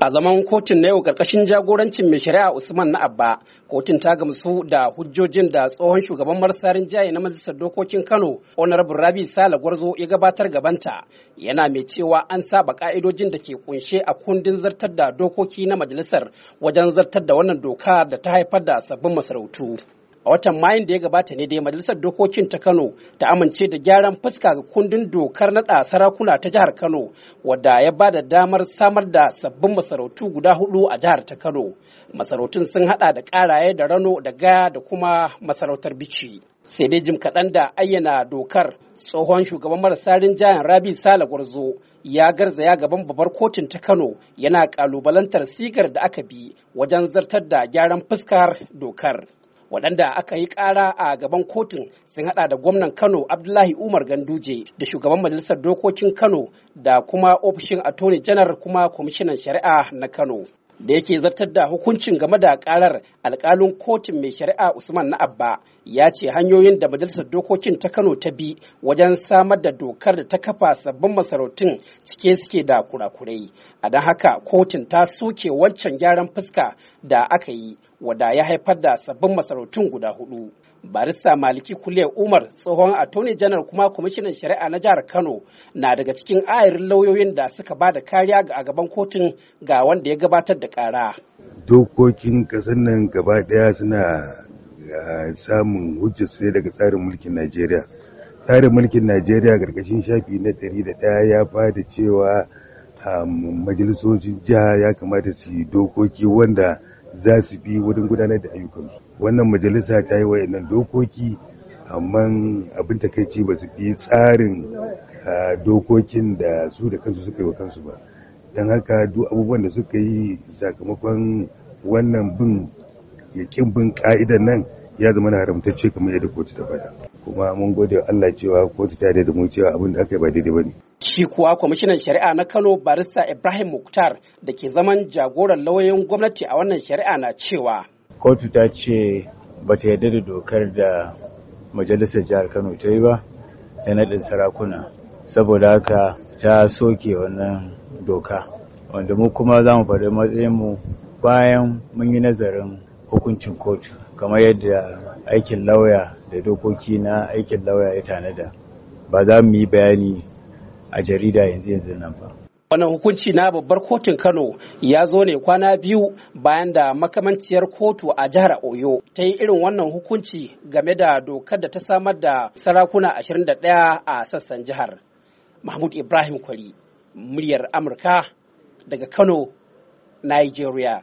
A zaman kotun na yau karkashin jagorancin mai shari'a Usman na Abba, kotun ta gamsu da hujjojin da tsohon shugaban marasa rinjaye na majalisar dokokin Kano, Honorable Rabi Sala Gwarzo ya gabatar gabanta, yana mai cewa an saba ka'idojin da ke kunshe a kundin zartar da dokoki na majalisar wajen zartar da wannan doka da ta haifar da sabbin masarautu. a watan mayun da ya gabata ne dai majalisar dokokin ta kano ta amince da gyaran fuska ga kundin dokar naɗa sarakuna ta jihar kano wadda ya ba da damar samar da sabbin masarautu guda hudu a jihar ta kano masarautun sun hada da karaye da rano da gaya da kuma masarautar bici sai dai jim kaɗan da ayyana dokar tsohon shugaban marasa rinjayen rabi sala gwarzo ya garzaya gaban babbar kotun ta kano yana kalubalantar sigar da aka bi wajen zartar da gyaran fuskar dokar waɗanda aka yi ƙara a gaban kotun sun haɗa da gwamnan Kano Abdullahi Umar Ganduje da shugaban majalisar dokokin Kano da kuma ofishin attorney janar kuma kwamishinan shari'a na Kano. da yake zartar da hukuncin game da karar alkalin kotun mai shari'a usman na abba ya ce hanyoyin da majalisar dokokin ta kano ta bi wajen samar da dokar da ta kafa sabbin masarautun cike suke da kurakurai a don haka kotun ta soke wancan gyaran fuska da aka yi wada ya haifar da sabbin masarautun guda hudu barista maliki kule umar tsohon attorney general kuma kwamishinan shari'a na jihar kano na daga cikin ayarin lauyoyin da suka ba da kariya a gaban kotun ga wanda ya gabatar da kara dokokin kasar nan gaba daya suna samun hujjar su daga tsarin mulkin najeriya tsarin mulkin najeriya gargashin shafi na tari da ɗaya ya da cewa um, majalisocin jiha ya kamata su yi dokoki wanda za su bi wurin gudanar da ayyukansu wannan majalisa ta yi wayannan dokoki amma abin takaici ba su bi tsarin dokokin da su da kansu suka yi wa kansu ba don haka duk abubuwan da suka yi sakamakon wannan bin yakin bin ka'idan nan ya zama na haramtacce kamar yadda kotu ta faɗa. kuma mun gode Allah cewa kotu ta da mu cewa abin da aka yi ba daidai bane shi kuwa kwamishinan shari'a na Kano barista Ibrahim Muktar da ke zaman jagoran lauyoyin gwamnati a wannan shari'a na cewa kotu ta ce bata yarda da dokar da majalisar jihar Kano ta yi ba ta naɗin sarakuna saboda haka ta soke wannan doka wanda mu kuma za mu faɗi matsayinmu bayan mun yi nazarin hukuncin kotu kamar yadda aikin lauya da dokoki na aikin lauya ya tanada ba za mu yi bayani a jarida yanzu yanzu nan ba. wannan hukunci na babbar kotun kano ya zo ne kwana biyu bayan da makamanciyar kotu a jihar oyo ta yi irin wannan hukunci game da dokar da ta samar da sarakuna 21 a sassan jihar mahmud ibrahim kwari muryar amurka daga kano nigeria